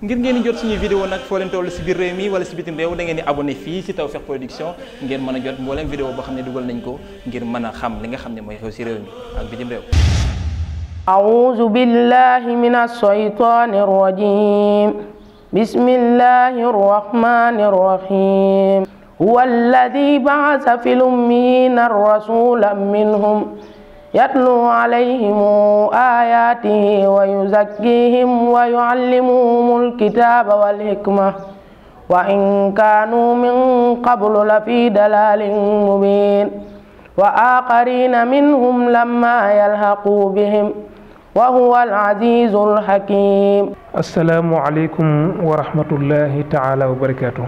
ngir ngeen di jot suñuy vidéo nag foo leen toll si biir réew mi wala si bitim réew da ngeen di abonné fii si Tawfekh Production ngeen mën a jot mbooleem vidéo boo xam ne dugal nañ ko ngir mën a xam li nga xam ne mooy xew si réew mi ak bitim réew أعوذ بالله من الشيطان الرجيم بسم الله الرحمن الرحيم هو الذي بعث في الأمين الرسولا منهم يتلو عليهم آياته ويزكيهم ويعلمهم الكتاب والحكمة وإن كانوا من قبل لفي دلال مبين وآخرين منهم لما يلحقوا بهم وهو العزيز الحكيم السلام عليكم ورحمة الله تعالى وبركاته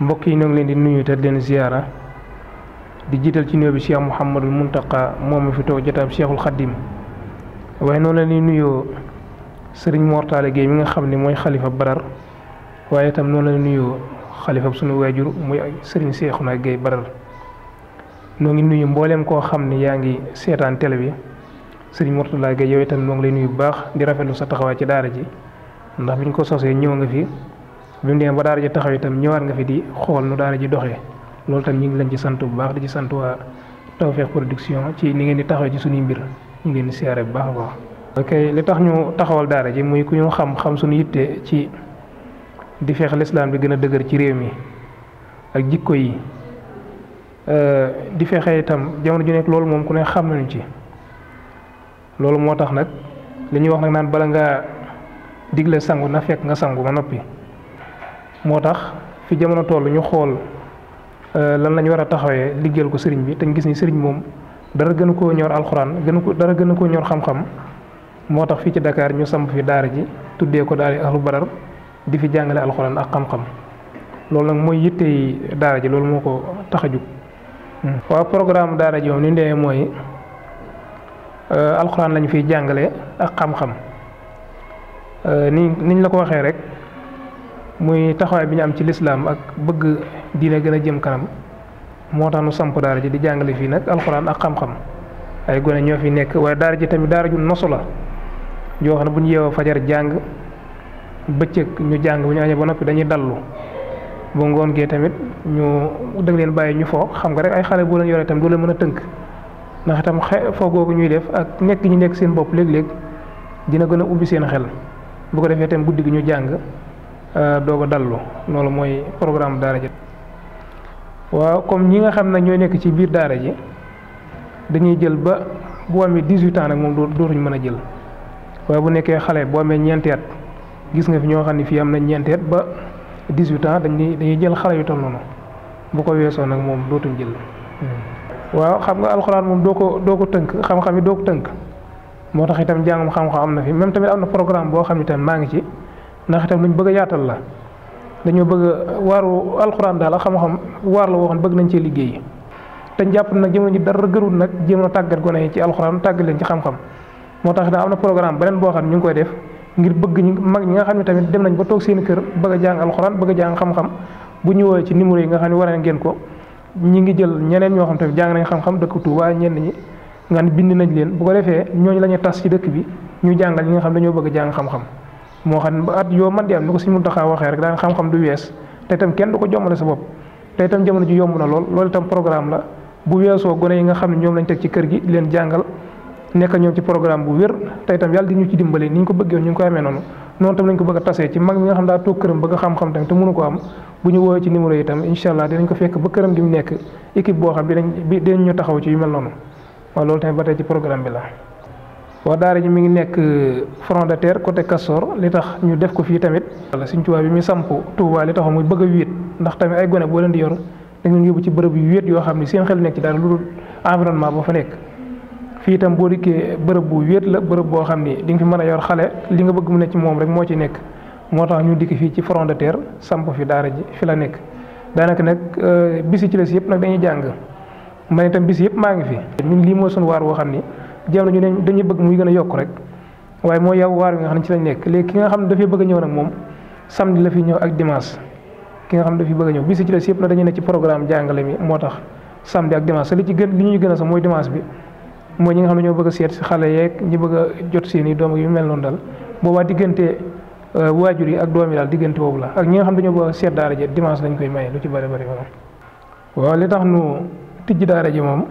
mbokk yi ñoo ngi leen di nuyu te leen ziyaara di jiital ci nuyoo bi Cheikh Mouhamadul Muntaqa moom fi toog jotaam Cheikhul Xaddim waaye noonu la ñuy nuyoo sëriñ Mortale Gueye mi nga xam ni mooy xalifa Badar waaye itam noonu la nuyoo xalifa suñu waajur muy sëriñ Cheikhouna Gueye Badar noo ngi nuyu mbooleem koo xam ne yaa ngi seetaan télé bi sëriñ Mortale Gueye yow itam noo ngi lay nuyu bu baax di rafetlu sa taxawaay ci daara ji ndax biñ ko sosee ñëw nga fi bi mu demee ba daara ji taxaw itam ñëwaat nga fi di xool nu daara ji doxee. loolu tam ñu ngi leen ci sant bu baax di ci sant waa Tawfekh Production ci ni ngeen di taxawee ci suñuy mbir ñu ngi leen di bu baax a baax. ok li tax ñu taxawal daara ji muy ku ñu xam xam suñu yitte ci di feex lislaam bi gën a dëgër ci réew mi ak jikko yi euh, di fexe itam jamono ju nekk loolu moom ku ne xam nañu ci loolu moo tax nag li ñuy wax nag naan bala ngaa digle sangu na fekk nga sangu ba noppi moo tax fi jamono toll ñu xool. Euh, lan lañ war a taxawee liggéeyal ko sëriñ bi te gis ni sëriñ moom dara gën koo ñor alxuraan gën ko dara gën koo ñor xam-xam moo tax fii ci Dakar ñu samp fi daara ji tuddee ko daal ahlu badar di fi jàngale alxuraan ak xam-xam loolu nag mooy yittey daara ji loolu moo ko taxaju a jug. Hmm. waaw programme daara ji moom ni ndee mooy euh, alxuraan lañu fiy jàngale ak xam-xam euh, ni niñ la ko waxee rek. muy taxawaay bi ñu am ci lislaam ak bëgg diine gën a jëm kanam moo tax nu samp daara ji di jàngale fii nag alxuraan ak xam-xam ay gone ñoo fi nekk waaye daara ji tamit daara ju nosu la joo xam ne bu ñu yeewoo fajar jàng bëccëg ñu jàng bu ñu añee ba noppi dañuy dallu bu ngoon gee tamit ñu dëgg leen bàyyi ñu foo xam nga rek ay xale boo leen yoree itam doo leen mën a tënk ndax itam xe foo googu ñuy def ak nekk ñu nekk seen bopp léeg-léeg dina gën a ubbi seen xel bu ko defee itam ñu jàng Euh, doog a dallu loolu mooy programme daara ji waaw comme ñi nga xam ne ñooy nekk ci biir daara ji dañuy jël ba bu amee dix-huit ans nag moom dootuñu mën a jël bu nekkee xale boo amee ñeenti gis nga fi ñoo xam na ñeenti ba dix-huit ans dañuy dañuy jël xale yu toll noonu bu ko weesoo nag moom dootuñ jël waaw xam nga alxuraan moom doo ko doo ko tënk xam-xam yi doo ko tënk moo tax itam jàngum xam-xam am na fi même tamit am na programme boo xam ne tamit maa ngi ci ndax itam luñ bëgg a yaatal la dañoo bëgg waaru alxuraan daal xam-xam waar la waxoon bëgg nañ cee liggéey te jàpp nag jamono ji dara gërul nag jéem a tàggat gone yi ci alxuraan tàggat leen ci xam moo tax itam na programme beneen boo xam ne ñu ngi koy def ngir bëgg ñu mag ñi nga xam ne tamit dem nañ ba toog kër bëgg a jàng bëgg a jàng bu ñu woowee ci numéro yi nga xam ne war ngeen ko ñi ngi jël ñeneen ñoo xam tamit jàng nañ xam-xam dëkk Tuuba ñenn ñi nga bind nañ leen bu ko defee ñooñu la ñuy tas ci dëkk bi ñu jàngal ñi nga xam dañoo bëgg jàng xam-xam moo xam ba at yoo man di am ni ko suñu Muntaxa waxee rek daan xam-xam du wees te itam kenn du ko jommale sa bopp te tam jamono ji yomb na lool lool itam programme la bu weesoo gone yi nga xam ne ñoom lañ teg ci kër gi leen jàngal nekk ñoom ci programme bu wér te itam yàlla di ñu ci dimbale ni ñu ko bëggee ñu ngi koy amee noonu noonu tam lañ ko bëgg a tasee ci mag mi nga xam daa toog këram bëgg xam-xam tamit te mënu ko am bu ñu woowee ci numéro allah dinañ ko fekk ba këram gi nekk équipe boo xam dinañ dinañ ñu taxaw ci yu mel noonu waaw bi la waaw daara ji mi ngi nekk euh, front de terre côté Castor li tax ñu def ko fii tamit wala Sëriñ Tuubaa bi mu samp Tuubaa li taxoon muy bëgg a wéet ndax tamit ay gone boo leen di yor da ngeen yóbbu ci bërëb yu yoo xam ne seen xel nekk ci lu dul environnement boo fa nekk fii itam boo dikkee bërëb bu wéet la bërëb boo xam ni di nga fi mën a yor xale li nga bëgg mu ne ci moom rek moo ci nekk moo tax ñu dikk fii ci front de terre samp fi daara ji fi la nekk daanaka nag euh, bisi ci les yëpp nag dañuy jàng man itam bisi yëpp maa ngi fi ñun lii moo sunu waar woo xam ni jéem nañu ne dañuy bëgg muy gën a yokk rek waaye mooy yow waar bi nga xam ne ci lañ nekk léegi ki nga xam ne dafay bëgg a ñëw nag moom samedi la fi ñëw ak dimanche ki nga xam ne dafay bëgg li ci gën li a sax mooy dimanche bi mooy ñi nga xam ne ñoo bëgg a seet si xale yeeg ñi bëgg a jot seen i daal boobaa diggante euh, waajur yi ak doom yi daal diggante woobu la ak ñi nga xam ne dañoo bëgg a seet daara ji dimanche lañ koy maye lu ci bëri bëri moom waaw li tax nu tijji daara ji moom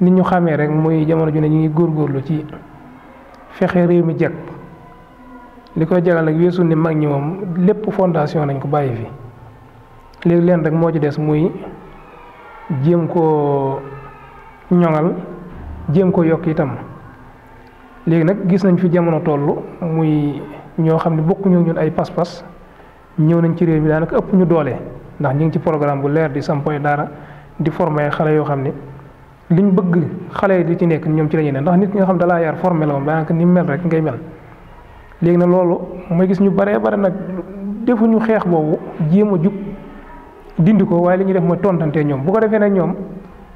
nit ñu xamee rek muy jamono ju ne ñu ngi góorgóorlu ci fexe réew mi jag li koy jagal nag weesu ni mag ñi moom lépp fondation nañ ko bàyyi fi léegi leen rek moo ci des muy jéem koo ñoŋal jéem ko yokk itam léegi nag gis nañ fi jamono tollu muy ñoo xam ne bokkuñu ñun ay pas-pas ñëw nañ ci réew mi daanaka ëpp ñu doole ndax ñu ngi ci programme bu leer di sampoy daara di former xale yoo xam ne. liñ bëgg xale yi di ci nekk ñoom ci la ñuy ne ndax nit ki nga xam dalaa yar formé la moom daanaka ni mel rek ngay mel léegi nag loolu mooy gis ñu baree bare nag defuñu xeex boobu jéem a jub dindi ko waaye li ñuy def mooy tontantee ñoom bu ko defee nag ñoom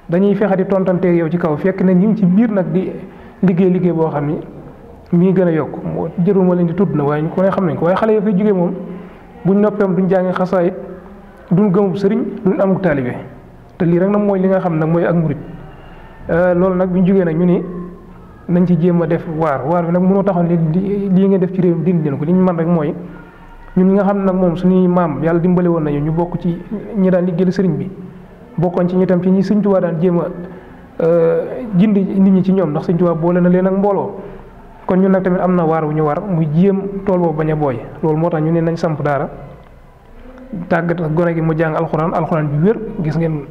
dañuy fexe di tontante yow ci kaw fekk na ñu ci biir nag di liggéey liggéey boo xam ni mi gën a yokk moo jëru ma leen di tudd na waaye ñu ko ne xam nañ ko waaye xale yo fay jógee moom bu noppeem duñ jàngi xasaayit duñ gëmub sëriñ duñ amuk taalibe te lii rek nag mooy li nga xam nag mooy ak murit Euh, loolu nag bu ñu jógee nag ñu ni nañ ci jéem a def waar waar bi nag mënoo taxaw li lii ngeen def ci réew dindi leen ko li ñu man rek mooy ñun ñi nga xam ne nag moom suñuy maam yàlla dimbale nañu ñu bokk ci ñi daan liggéeyal sëriñ bi bokkoon ci ñi tam ci ñi sëñ Tuubaa daan jéem a euh, jindi nit ñi ci ñoom ndax sëñ Tuubaa boole na leen ak mbooloo kon ñun nag tamit am na waar wu ñu war muy jéem tool boobu bañ a booy loolu moo tax ñu ne nañ samp daara tàggat gone gi mu jàng alxuraan alxuraan bi wér gis ngeen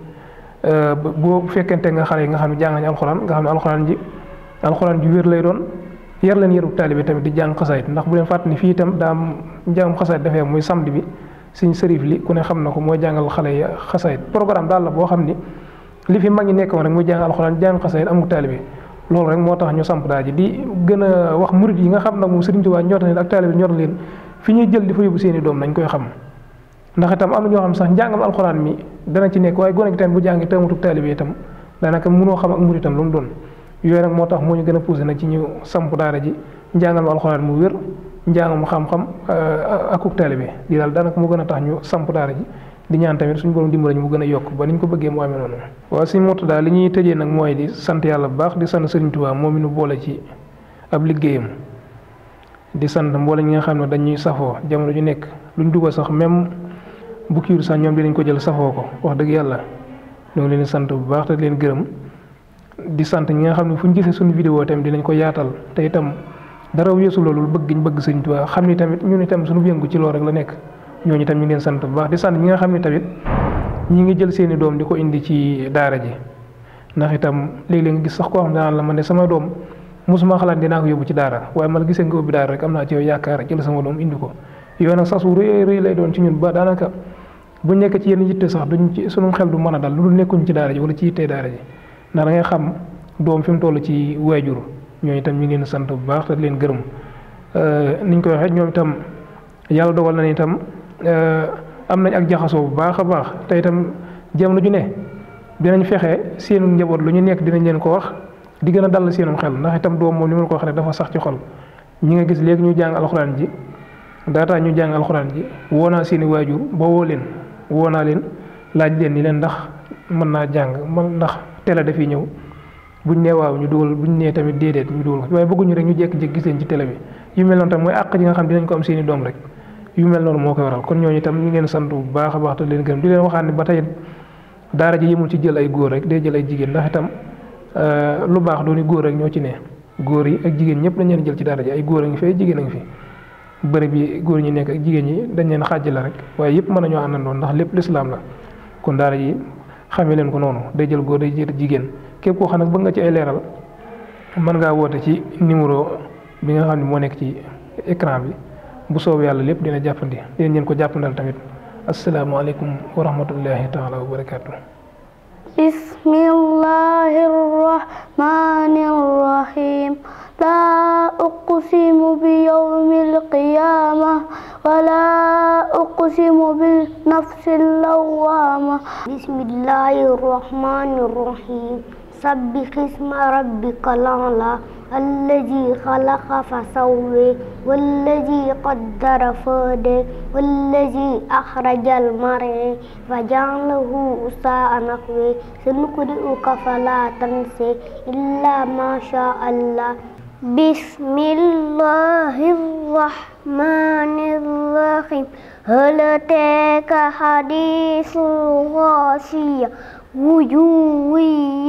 Euh, bu fekkente nga xale yi nga xam ne jàng nañu alxuraan nga xam ne alxuraan ji alxuraan ji wér lay doon yar leen yaru taalibe tamit di jàng xasaayit ndax bu leen fàttali fii itam daa am njàngam xasaayit dafee muy samedi bi suñ sërif li ku ne xam na ko mooy jàngal xale yi xasaayit programme daal la boo xam ni li fi mag ñi nekkoon rek muy jàng alxuraan jàng xasaayit amul taalibe loolu rek moo tax ñu samp daa ji di gën a wax murid yi nga xam nag moom Sëriñ Tuubaa ñor leen ak taalibe ñor leen fi ñuy jël di fa yóbbu seen doom nañ koy xam ndax itam am na ñoo xam sax njàngam alxuraan mi dana ci nekk waaye gone gi tamit bu jàngi tëmutug taalibe itam daanaka mënoo xam ak tam lu mu doon yooyu nag moo tax moo ñu gën a poussé nag ci ñu samp daara ji njàngal ma alxuraan mu wér njàngam xam-xam euh, akuk taalibe lii daal daanaka mu gën a tax ñu samp daara ji di ñaan tamit suñu borom dimbali ñu mu gën a yokk ba ni ñu ko bëggee mu amee noonu waaw si mott daal li ñuy tëjee nag mooy di sant yàlla bu baax di sant Sëriñ Tuubaa moom mi nu boole ci ab liggéeyam di sant mboole ñi nga xam ne dañuy safoo jamono ju nekk luñ dugal sax même bu kiiru sax ñoom dinañ ko jël safoo ko wax dëgg yàlla ñoo ngi leen sant bu baax te leen gërëm di sant ñi nga xam ne fu ñu gisee suñu vidéo tamit dinañ ko yaatal te itam dara weesu loolu bëgg ñu bëgg Sëñ Tuubaa xam ni tamit ñun itam suñu yëngu ci loolu rek la nekk ñooñu tam ñu ngi sant bu baax di sant ñi nga xam ne tamit ñi ngi jël seeni doom di ko indi ci daara ji ndax itam léeg-léeg nga gis sax ko xam ne la man ne sama doom mosuma xalaat dinaa ko yóbbu ci daara waaye man gisee nga ubbi daara rek am naa ci yow yaakaar jël sama doom indi ko yooyu nag sas rëy rëy lay doon ci ñun ba daanaka bu nekk ci yenn yitte sax duñ ci sunu xel du mën a dal lu dul nekkuñ ci daara ji wala ci yitte daara ji ndax da ngay xam doom fi mu toll ci waajur ñooñu itam ñu ngi sant bu baax te leen gërëm euh, niñ koy waxee ñoom itam yàlla dogal na ni itam euh, am nañ ak jaxasoo bu baax a baax te itam jamono ju ne dinañ fexe seenu njaboot lu ñu nekk dinañ leen ko wax di gën a dal seenum xel ndax itam doom moom li ma ko wax dafa sax ci xol ñi nga gis léegi ñu jàng alxuraan ji daataa ñu jàng alxuraan ji woo naa seeni waajur ba leen. woo naa leen laaj leen ni leen ndax mën naa jàng man ndax télé dafiy ñëw ñu nee waaw ñu dugal buñ nee tamit déedéet ñu dugal ko waaye bëgguñu rek ñu jékki-jékki gis leen ci télé bi yu mel noonu tam mooy àq ji nga xam dinañ ko am seeni doom rek yu mel noonu moo koy waral kon ñooñu tam ñu leen sant bu baax a baax te leen gërëm di leen waxaat ne ba tey daara ji yëmul ci jël ay góor rek day jël ay jigéen ndax itam euh, lu baax dooni góor ak ñoo ci ne góor yi ak jigéen ñëpp dañ leen jël ci daara ji ay góor a ngi fi jigéen a ngi fi bërëb yi góor ñi nekk ak jigéen ñi dañ leen xàjj la rek waaye yëpp mën nañoo àndandoo ndax lépp lislaam la kon daara yi xamee leen ko noonu day jël góor day jël jigéen képp koo xam nag bëgg nga ci ay leeral mën ngaa woote ci numéro bi nga xam ne moo nekk ci écran bi bu soob yàlla lépp dina jàppandi yéen ñeen ko jàppandal tamit asalaamaaleykum wa rahmatullahi taala wa barakaatu bismillahi rahmani لا أقسم بيوم القيامة ولا أقسم بالنفس اللوامة بسم الله الرحمن الرحيم سبح اسم ربك الأعلى الذي خلق فسوى والذي قدر فهدى والذي أخرج المرعى فجعله غثاء نحوه سنقرئك فلا تنسى إلا ما شاء الله بسم الله الرحمن الرحيم هل أتاك حديث الغاشية وجوه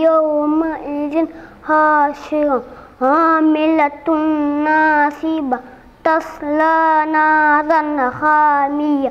يومئذ خاشعة عاملة ناصبة تصلى نارا حامية